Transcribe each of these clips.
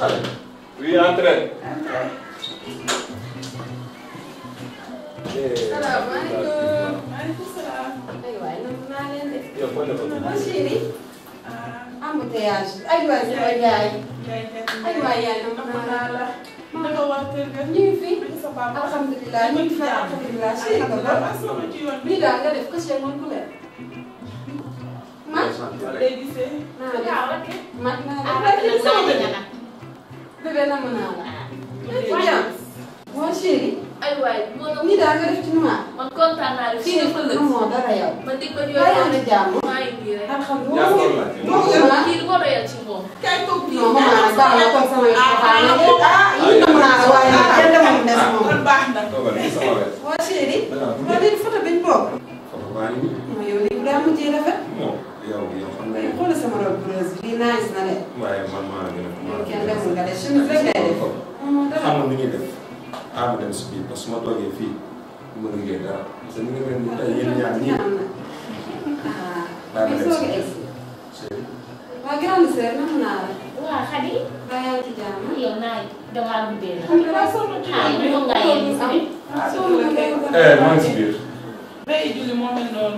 Allez. Oui, entrez. salaamaaleykum. maaleykum salaam. aywa naa leen de. yow foo nekk foofu. ma chérie. embouteillage. aywa sama yaay. na ma naa ah, la. ma nga wax kër ga. ñu ngi fi. alhamdulilah ñu ngi fi alhamdulilah. chérie nga ba. lii daal nga def cachet moom ku leer. man. léegi c' est. maa ngi lay gis. maa bébé na mën naa la. waaw waaw chéri. aywaay moo doon nii daal nga def ci nuwaat. man kontaan naa de. fii nii lu moo dara yow. man dëgg fa yooyu am na jàmm. maa ngi nii rek. alhamdulilah moom la kii du ko doyal ci moom. kay toog kii moom maanaam baax na kon sama yow. ah yéen a mën a la waaye nag kenn demul des moom. kon baax na. waaw chéri. loolu it photo bi ñu bokk. yow léegi daa mujjee rafet. yow yow xam nga. xoolal sama robe bleue bi lii nice na de. waaye man maa ngi leen. kenn demul nga de chemise rek ngay def. xam nga nu ñuy def. ah dem si biir parce que su ma toogee fii du ma liggéey dara. parce que ni nga mel ni tey yéen ñaar ñii. waaw. soo ko egsi. waaw grande sœur na mu naa la. waaw Xadi. waaw yaa ngi ci jàmm. yow naa damaa guddee la. waaw soo ko taa yow ngaa yegg si. ah soo ko taa yow ngaa yegg si. maa ngi si biir. mbéy julli moo mel noonu.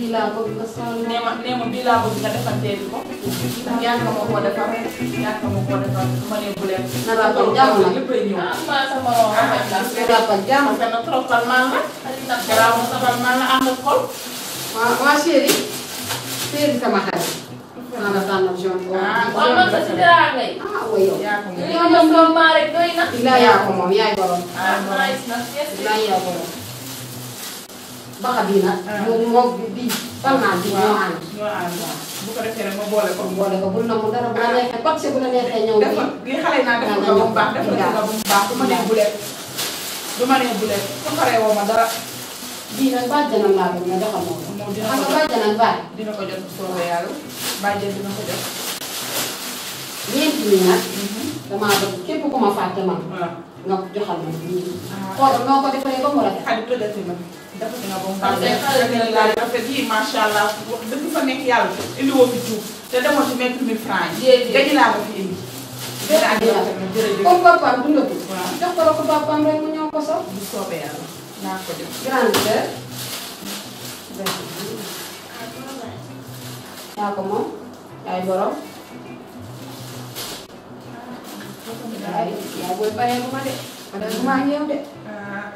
bii laa bëgg nga sonn. nee ma nee ma bii laa bëgg nga defal teel ko. yàgg ma ko defal yàgg ma ko defal ma ne bu leen. na ràppal jàmm la lépp ay ñëw. ah maa sama morom rafet naa. na ràppal jàmm. dana trop fal maa la. garaaw ma sabal maa la ànd ak xol. waaw waa chéri chéri sama xarit. maa la tànnal jaune. ah kon man sa si dara ngay. ah oui yow. yaa ko moom yow ñoom ñoom maa rek doy na. yaa ko moom yaay borom. ah maa ngi si nag. yaa ko moom. baka dina. mu moom bii fan naa bii ñoo ànd. ñoo ànd waaw bu ko defee nag ma boole ko. boole ko bul nangu dara bu la neexee kot si bu la neexee ñëw. defal li xale naa defal ko ba mu baax defal ko ba mu baax. du ma nee bu leen du ma nee bu leen su paree woo ma dara. bii nag bàjjanam laa bëgg nga joxal ma ko. dina ko jot xam baay. dina ko jot bu soobee yàlla bàjjan dina ko jot. ñeenti ñi damaa bëgg képp ku ma fàtte nga joxal ma lii. xoolal noo ko defaree ba mu rafet. mu rafet. rafet yi macha allah wax dëgg fa nekk yàlla indi woo fi juub te demoo ci mètre mille franc yi. dañu laa ko fi indi. jërëjëf comme papaam dundatu. waaw jox ko la ko papaam rek mu ñëw ko sax. bu soobee yàlla naa ko def. grande sœur. yaa ko moom yaay borom. Ya, gue pengen rumah deh. Ada rumahnya udah. Ah,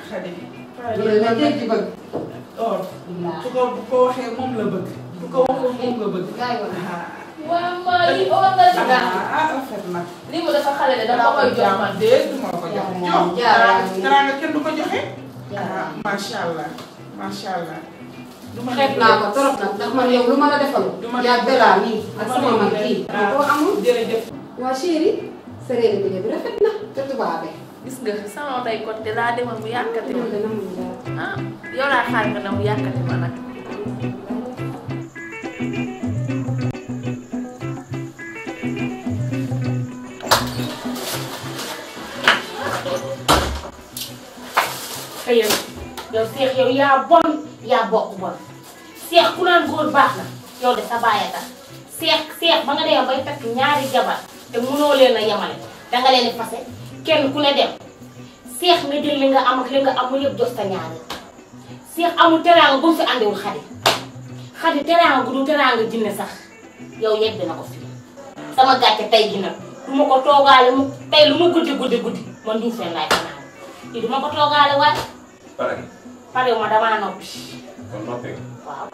Lebet juga. Oh, suka buka wahe mom lebet. Buka wahe mom lebet. Wama, li orang tadi dah. Li udah kakak ada dah kau jual mandek, mau kau jual. Terang kan duka johe? Masya Allah, masya Allah. xeeb naa ko trop nag ndax man yow lu ma la defal yaa beraani ak sama mag kii séeréer bi bi rafet na te tubaabe gis nga sama day kon de laa demal mu yàkkati ma ah yow laa xaar nga ne mu yàkkati ma nag yow yow seex yow yaa bon yaa bokk bon seex ku naan góor baax na yow de sa baay a tax seex seex ba nga dee bay takk ñaari jabar te mënoo leen a yemale danga leen di fase kenn ku ne dem seex mi jël li nga am ak li nga am yëpp jox sa ñaari seex amul teraanga bu mu fi àndiwul xadi xadi teraanga du teraanga yow yegg na ko fi sama gàcce tey gi nag du ma ko toogaale mu tey lu guddi guddi guddi man duuf seen laay fanaan kii du ma ko toogaale waaye. pare. parewu ma damaa noppi. waaw.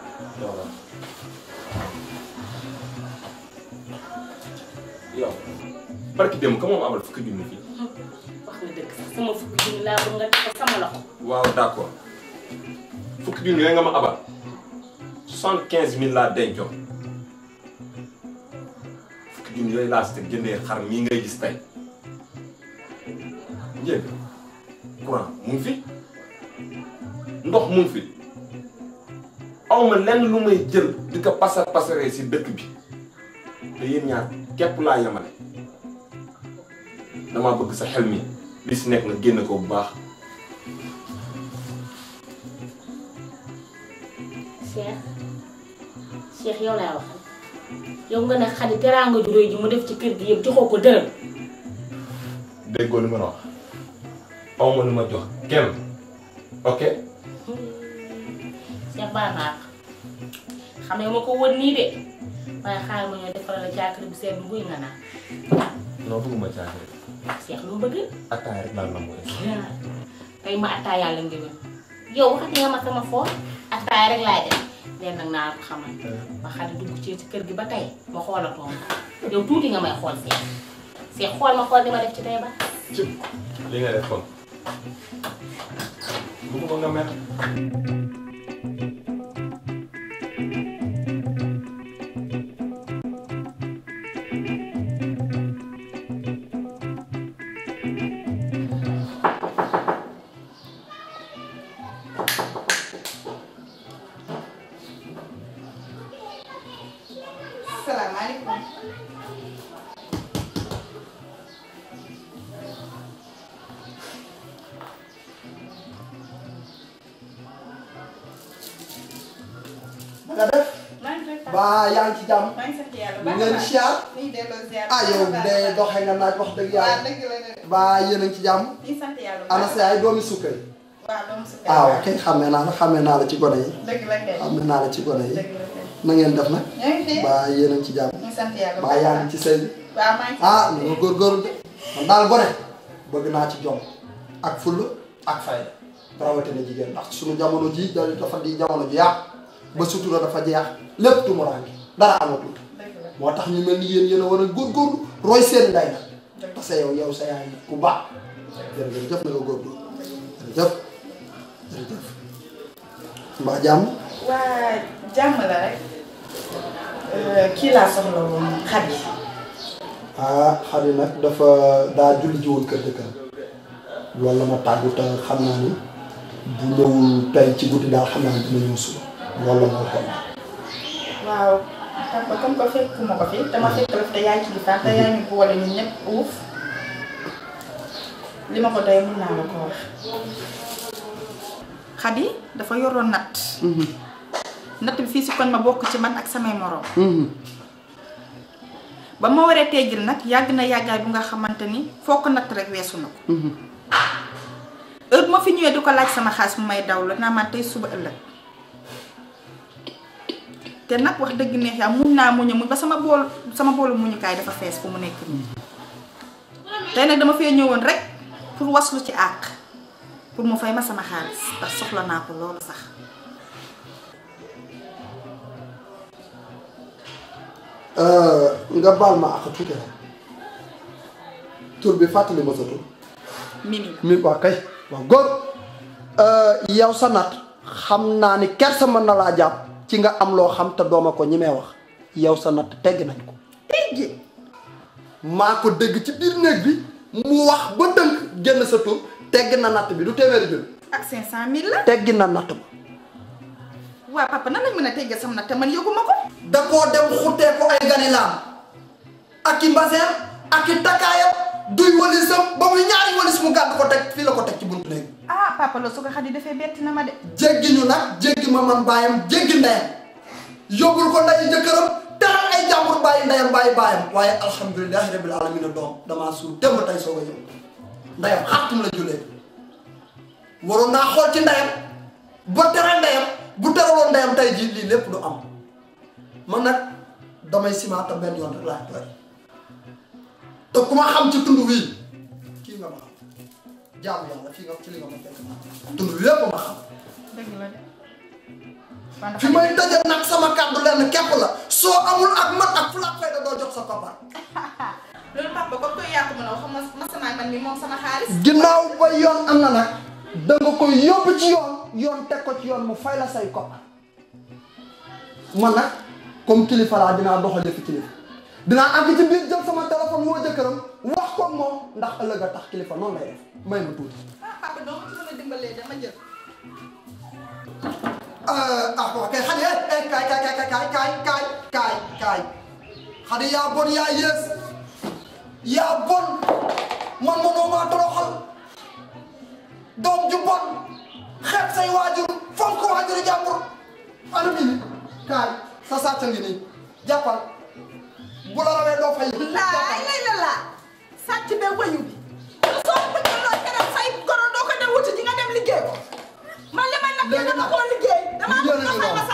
barki démb ka moom amal fukki junni fii. wax nga dëgg sama fukki junni laa bëgg nga def ko sama loxo. waaw d' fukki junni yooyu nga ma abal soixante quinze mille laa dencoon fukki junni yooyu laa si jëndee xar mii ngay gis tey njëkk courant mu ngi fi ndox mu ngi fi lenn lu may jël di ko pasar pasaree si dëkk bi te yéen ñaar képp laa yemale. damaa bëgg sa xel mi li si nekk nga génn ko bu baax. Cheikh Cheikh yow laa waxal yow nga ne xadi teraanga ju réy ji mu def ci kër gi yëpp joxoo ko dërëm. déggoo li ma la wax aw ma lu ma jox kenn ok. Hmm. Cheikh Ba Mbac xam ne ma ko wër nii de waaye xaaral ma ñëw defaral la caakiri bu seet bu buy nga naan. non bëgguma caakiri. lu loo bëgg. attaaya rek laal na mu des. tey ma attaaya yàlla ngéwén yow waxati nga ma sama foofu attaaya rek laay def leen nag naa ko xamal. ba xale dugg ci kër gi ba tey ma xoolatoo ma yow tuuti nga may xool Cheikh. Cheikh xool ma xool li ma def ci tey ba. li nga def xool. bu ko nga mer. waa yaa ci jàmm. maa ngi sant yàlla baax ngeen siyaar. ah yàlla. waaw dëgg la ci jàmm. ñu sant yàlla ana sa doomi sukka yi. waaw doomi sukka ah, naa la xamee naa la ci gone yi. dëgg naa la ci gone yi. ngeen def nag. ñoo ngi yéen a ci jàmm. ñu sant yàlla baax ci sëy. waaw maa ngi ci ah ñu ngi góorgóorlu daal gone bëgg naa ci jom ak fulla ak fay rawatina jigéen ndax suñu jamono ji dafa di jamono ji yàq ba sutura dafa jeex lépp tumuraange dara amatul moo tax ñu mel ni yéen yéen a war a góorgóorlu roy seen nday na parce que yow yow sa yaay ku baax jërëjëf jëf na nga góorgóorlu jërëjëf jërëjëf mbaa jàmm waa euh, ah, dafa daa julli ji woon jëkkër loolu la ma tàggu te xam naa ni bu ñëwul tey ci guddi daal xam naa ni dina loolu la ñu ko waaw papa comme que fekkuma ko fekk la fi te yaay kilifa te yaay ñu boole ñun ñëpp uuf li ma ko doy mën naa la ko wax. dafa yoroon natt. Mhm. natt bi fii si koñ ma bokk ci man ak samay moroom. Mhm. ba ma waree teejil nag yàgg na yàggaay bu nga xamante ni foo ko natt rek weesu na ko. Mhm. heure bu fi ñëwee di ko laaj sama xaalis mu may daw la naa man tey suba ëllëg. te nag wax dëgg neex yaa mun naa muñ a muñ ba sama bool sama boolu muñukaay dafa fees fu mu nekk nii tey nag dama fee ñëwoon rek pour waslu ci àq pour mu fay ma sama xaalis ndax soxla naa ko loolu sax euh, nga baal ma àq tur bi fàttali ma sa tur mimi waa kay waa góor euh, yow sa nat xam naa ni kersa mën na laa jàpp ci nga am loo xam te dooma ko ñi may wax yow sa natt tegg nañ ko teggi maa ko dëgg ci biir néeg bi mu wax ba dënk génn sa tur tegg na natt bi du téeméeri jël ak cinq cent mille la teggi na natt ba waa papa nan lañ mën a teggee sam natt te man yëguma ko da koo dem xuttee ko ay gani laam ak i mbaseer ak i takkaayam duy walisam ba muy ñaari walis mu gàdd ko teg fii la ko teg ci buntu néeg ah papa su ko xadi defee bett na ma de jéggi ñu nag ma man baayam jéggi ndeyam yóbbul ko ndayi jëkkëram taal ay jàmbur bàyyi ndeyam bàyyi baayam waaye alhamdulilahi rabil alamina a ñëw ndeyam xaatum la julee waroon naa xool ci ndeyam bu teraloon ndeyam tey jii lii lépp man nag damay simaata benn yoon rek laay doy te ku ma xam ci tund wii kii nga li tund wii ma xam fi may tëjee nag sama kàddu lenn képp la soo amul ak man ak fula fayda doo jox sa koppar. loolu yoon am na nag da teg ko yoon mu fay la say koppar man nag comme kilifa laa dinaa doxalee fi kilifa dinaa àgg ci biir jël sama téléphone woo jëkkëram wax ko moom ndax ëllëg a tax kilifa noonu lay may ma tuuti. ah ah waaw kay xale eh kay kay kay kay kay kay kay xale yaa bon yaa yées yaa bon man mënoo maa toroxal doom ju bon xeeb say waajur fonk ko waajur jàmbur ana mi kaay sa sàcc ngi nii jàppal bu la rawee doo fay. laa lay la laa sàcc bee wayu bi. soo ko jëloo keneen say goro doo ko dem wuti ji nga dem liggéey ko man li may nag dama koo liggéey 那个